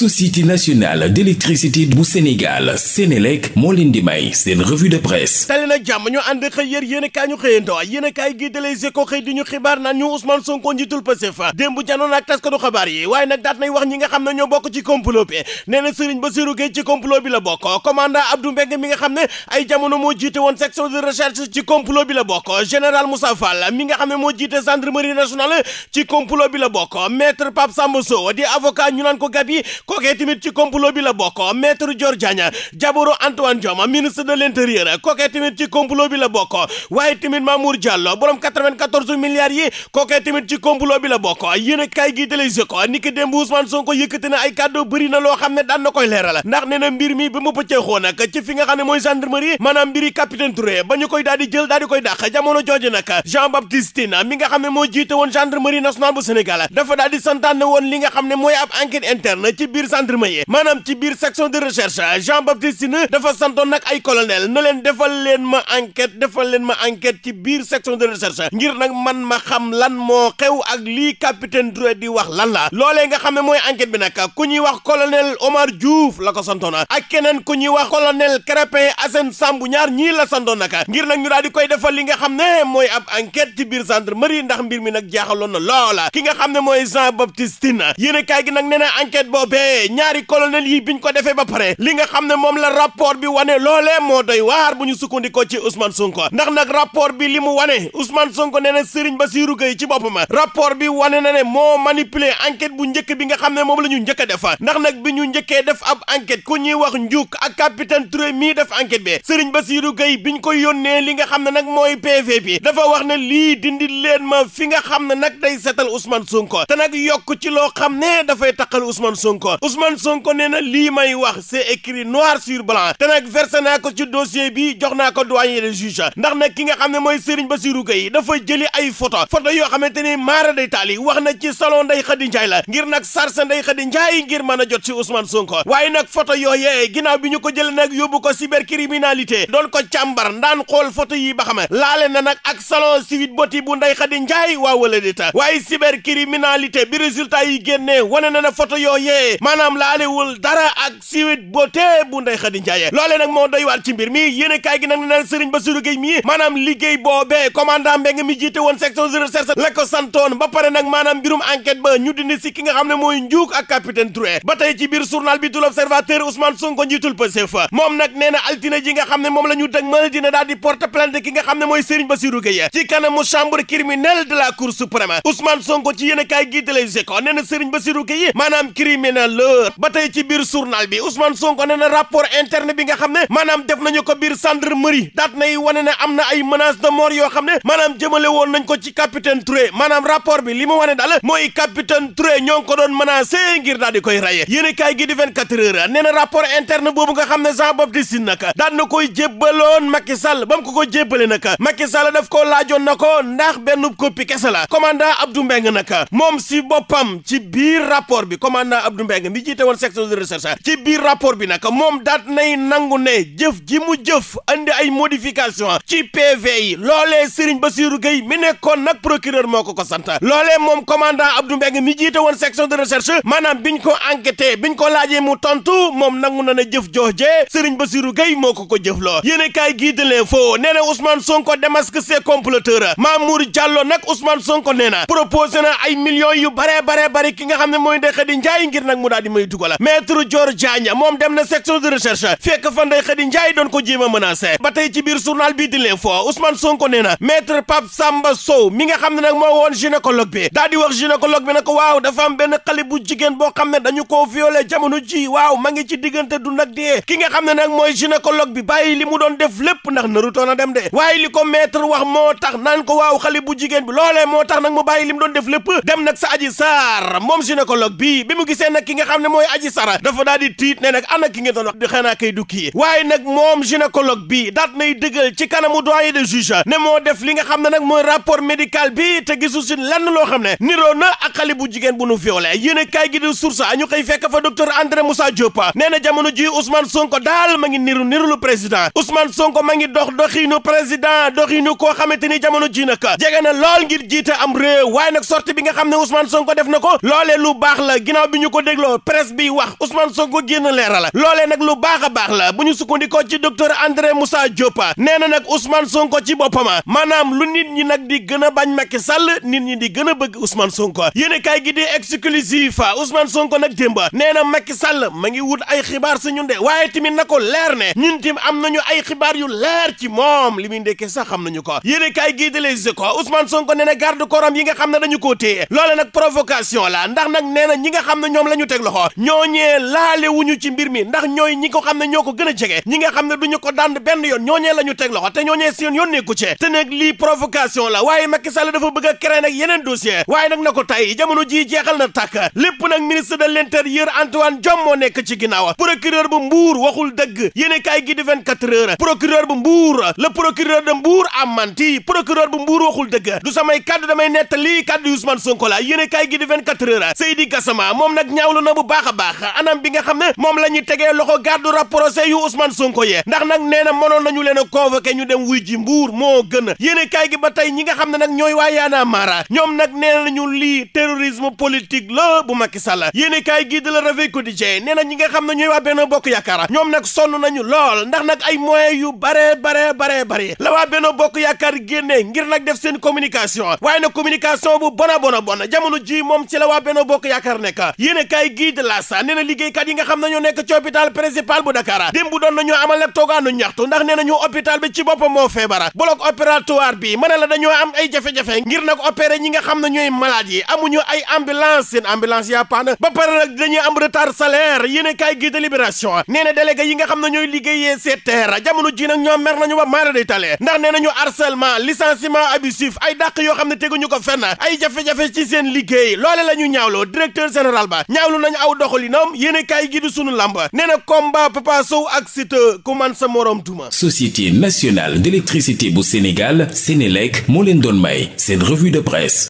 société nationale d'électricité bu Sénégal Sénélec moo di may seen revue de presse tali na jàmm ñu ànd xëy yér yéen i kaay ñu xëyanto yéen i kaay gi de Les Échos xëy di ñu xibaar naan ñu Ousmane Sonko njiitul Pastef démb janoon ak taskatu xabaar yi waaye nag daat nay wax ñi nga xam ne ñoo bokk ci complot bi nee na Serigne Bassirou ci complot bi la bokk commandant Abdou Mbengue mi nga xam ne ay jamono moo jiite woon section de recherche ci complot kookee tamit ci complot bi la bokk maître Dior Diagne jabaru Antoine Diome ministre de l'intérieur kookee tamit ci complot bi la bokk waaye tamit Mamour Diallo borom 94 milliards yi kookee tamit ci complot bi la bokk yéen a kaay gi dalaise ko ni ki démb Ousmane Sonko yëkkati na ay kàddu bëri na loo xam ne daan na koy leeral ndax nee na mbir mi ba mu pëcceexoo nag ci fi nga xam ne mooy gendarmerie maanaam mbiri capitaine Touré ba ñu koy nga xam ne moo jiite woon gendarmerie nationale bu Sénégal dafa daal di nga xam ne mooy ab enquête interne biir gendarmerie maanaam ci biir section de recherche Jean Baptiste Tine dafa santoon nag ay colonel na defal leen ma enquête defal leen ma enquête ci biir section de recherche ngir nag man ma xam lan moo xew ak lii capitaine Touré di wax lan la loolee nga xam ne mooy enquête bi nag ku ñuy wax colonel Omar Diouf la ko santoon ak keneen ku ñuy wax colonel Crépin Assane Sambu ñaar ñii la santoon nag ngir nag ñu daal di koy defal li nga xam ne mooy ab enquête ci biir gendarmerie ndax mbir mi nag jaaxaloon na loola a waaye ñaari colonel yi biñ ko defee ba pare li nga xam ne moom la rapport bi wane loolee moo doy waar bu ñu sukkandikoo ci Ousmane Sonko ndax nag rapport bi li mu wane Ousmane Sonko nee na Serigne Bassirou Gueye ci boppam rapport bi wane na ne moo manipuler enquête bu njëkk bi nga xam ne moom la ñu njëkk a def ndax nag bi ñu njëkkee def ab enquête ku ñuy wax Ndiouk ak capitaine Touré mii def enquête bi Serigne Bassirou bi biñ ko yónnee li nga xam ne nag mooy PV bi dafa wax ne lii dindi leen ma fi nga xam ne nag day setal Ousmane Sonko te nag yokk ci loo xam ne dafay taqal Ousmane Sonko Ousmane Sonko nee na lii may wax c'est écrit noir sur blanc te nag versé naa ko ci dossier bi jox naa ko doyen des juges ndax nag ki nga xam ne mooy Serigne Bassirou Gueye dafa jëli ay photo photo yoo xamante ni maara day taal yi wax na ci salon Ndeye Khady Ndiaye la ngir nag sarsa Ndeye Khady Ndiaye ngir mën a jot ci Ousmane Sonko waaye nag photo yooyee ginnaaw bi ñu ko jëlee nag yóbbu ko cybercriminalité doon ko càmbar ndaan xool photo yi ba xame laale na nag ak salon Sweet Beauty bu Ndeye Khady Ndiaye waa wala déta waaye cybercriminalité bi résultat yi génnee wane na na photo yooyee maanaam laalewul dara ak boo beauté bu Ndeye Khady loole loolee nag moo doy waar ci mbir mi yéen a kaay gi nag nee na Serigne Bassirou Gueye mii maanaam liggéey boo boobee commandant Mbengue mi jiite woon section de recherche la pare nag maanaam mbirum enquête ba ñu dindi si ki nga xam ne mooy njuuk ak capitaine Touré ba tey ci biir journal bi du l'Observateur Ousmane Sonko njiitul Pastef moom nag nee na altine ji nga xam ne moom la ñu dëgmal dina daal di porte plainte ki nga xam ne mooy Serigne Bassirou Gueye ci kanamu la Cour suprême Ousmane Sonko ci yéen a kaay gi de Les na l'heure ba tey ci biir journal bi Ousmane Sonko nee na rapport interne bi nga xam ne maanaam def nañu ko biir gendarmerie daat nay wane ne am na ay menaces de mort yoo xam ne maanaam jëmale woon nañ ko ci capitaine Touré maanaam rapport bi li mu wane daal mooy capitaine Touré ñoo ko doon menacé ngir daal di koy rayé yéen kaay gi di 24 heures nee na rapport interne boobu nga xam ne Jean Baptiste na nag daan na koy jébbaloon Macky Sall ba mu ko ko jébbale nag Macky Sall daf ko laajoon na ko ndax benn copie kese la commandant Abdou Mbengue nag moom si boppam ci biir rapport bi commandant Abdou Mbengue Mbengue mi jiite woon section de recherche ci biir rapport bi nag moom daat nay nangu ne jëf ji mu jëf andi ay modification ci PV yi loolee Serigne Bassirou Gueye mi nekkoon nag procureur moo ko ko santa loolee moom commandant Abdou Mbengue mi jiite woon section de recherche maanaam biñ ko enquêté biñ ko laajee mu tontu moom nangu na ne jëf joojee Serigne Bassirou Gueye moo ko ko jëfloo yéen kaay gii de l'info nee na Ousmane Sonko démasque ses comploteurs Mamour Diallo nag Ousmane Sonko nee na proposé na ay millions xam ne mooy Ndèye Khady daal di may dugala maître Dior Diagne moom dem na section de recherche fekk fa Ndeye Khady doon ko jéem a menacé ba tey ci biir journal bii di l'info Ousmane Sonko nee na maître Pape Samba Sow mi nga xam ne nag moo woon gynécologue bi daal di wax gynécologue bi ko waaw dafa am benn xale bu jigéen boo xam ne dañu koo violé jamono ji waaw ma ngi ci diggante du nag dee ki nga xam ne nag mooy gynécologue bi bàyyi li mu doon def lépp ndax narutoon toona dem de waaye li ko maître wax moo tax naan ko waaw xale bu jigéen bi loolee moo tax nag mu bàyyi li mu doon def lépp dem nag sa aji saar moom gynécologue bi bi mu gisee nag nga xam ne mooy aji sara dafa daal di tiit ne nag ana ki nga doon di xanaa kay du kii waaye nag moom gynécologue bi daat nay dëggal ci kanamu doyen de juge ne moo def li nga xam ne nag mooy rapport médical bi te gisu si lenn loo xam ne niroo na ak xale bu jigéen bu nu violé yéen a kaay gi di source ñu xëy fekk fa docteur André Moussa Diop nee na jamono ji Ousmane Sonko daal ma ngi niru niru lu président Ousmane Sonko ma ngi dox doxiinu président doxiinu koo xamante ni jamono ji nag jege na lool ngir jiite am réew waaye nag sorti bi nga xam ne Ousmane Sonko def na ko lu baax la ginnaaw bi ñu ko dégloo Sonko euh, presse bi wax Ousmane Sonko génn leera la nag lu baax a baax la bu ñu sukkandikoo ci docteur André Moussa Diop nee na nag Ousmane Sonko ci boppama maanaam lu nit ñi nag di gën a bañ Macky Sall nit ñi di gën a bëgg Ousmane Sonko yéen kay gi di exclusif Ousmane Sonko nag démba nee na Macky sal ma ngi wut ay xibaar si ñun de waaye tamit na ko leer ne ñun tim am nañu ay xibaar yu leer ci moom li muy ndekkee sax xam nañu ko yéen kay gi di Les Échos Ousmane Sonko nee na garde yi nga xam ne dañu koo téye loole nag provocation la teg loxo ñooñee laale wuñu ci mbir mi ndax ñooy ñi ko xam ne ñoo ko gën a jege ñi nga xam ne du duñu ko dànd benn yoon ñooñee la ñu teg loxo te ñooñee seen yoon nekku ci te nag lii la waaye Macky dafa bëgg a créer nag yeneen dossier waaye nag na ko tey jamono ji na tàkk lépp nag ministre de l'intérieur Antoine Diome moo nekk ci ginnaaw procureur bu Mbour waxul dëgg yéene kaay gi di 24 heures procureur bu Mbour le procureur de Mbour amanti procureur bu Mbour waxul dëgg du samay kaddu damay nettali kaddu Ousmane Sonko la na bu baax a baax anam bi nga xam ne moom la ñu tegee loxo garde rapproché yu Ousmane Sonko yee ndax nag nee na mënoon nañu leen a convoqué ñu dem wuy ji mbuur moo gën yéene kaay gi ba tey ñi nga xam ne nag ñooy waa yaanaa maara ñoom nag nee nañu lii terrorisme politique la bu Macky Sall yéene kaay gi de la Réveil Quotidien nee na ñi nga xam ne ñooy waa Benno Bokk Yaakaar ñoom nag sonn nañu lool ndax nag ay moyens yu bare bare bare bare la waa Benno Bokk Yaakaar génne ngir nag def seen communication waaye nag communication bu jamono ji moom ci la waa Benno Bokk Yaakaar gii di laas nee na liggéeykat yi nga xam ne ñoo nekk ci hôpital principal bu Dakar démb doon nañoo amal nag toogaanu ñaxtu ndax nee nañu hôpital bi ci boppam moo feebara bloc opératoire bi mën la dañoo am ay jafe-jafe ngir nag opéré ñi nga xam na ñooy malade yi amuñu ay ambulance seen ambulance yaa panne ba pare nag dañuy am retard salaire yéen kaay gii di libération nee na délégué yi nga xam ne ñooy liggéeyee seet jamono ji nag ñoo mer nañu ba maara day tale ndax nee nañu harcèlement licenciement abusif ay yoo xam ne teguñu ko fenn ay jafe ci seen liggéey loole la ñu ñaawloo directeur général ba rafetlu nañu aw doxalinam yéene kaay gi di sunu làmb nee na combat Papa Sow ak Siteu ku man sa morom duma. Société nationale d'électricité bu Sénégal Sénélec moo leen doon may seen revue de presse.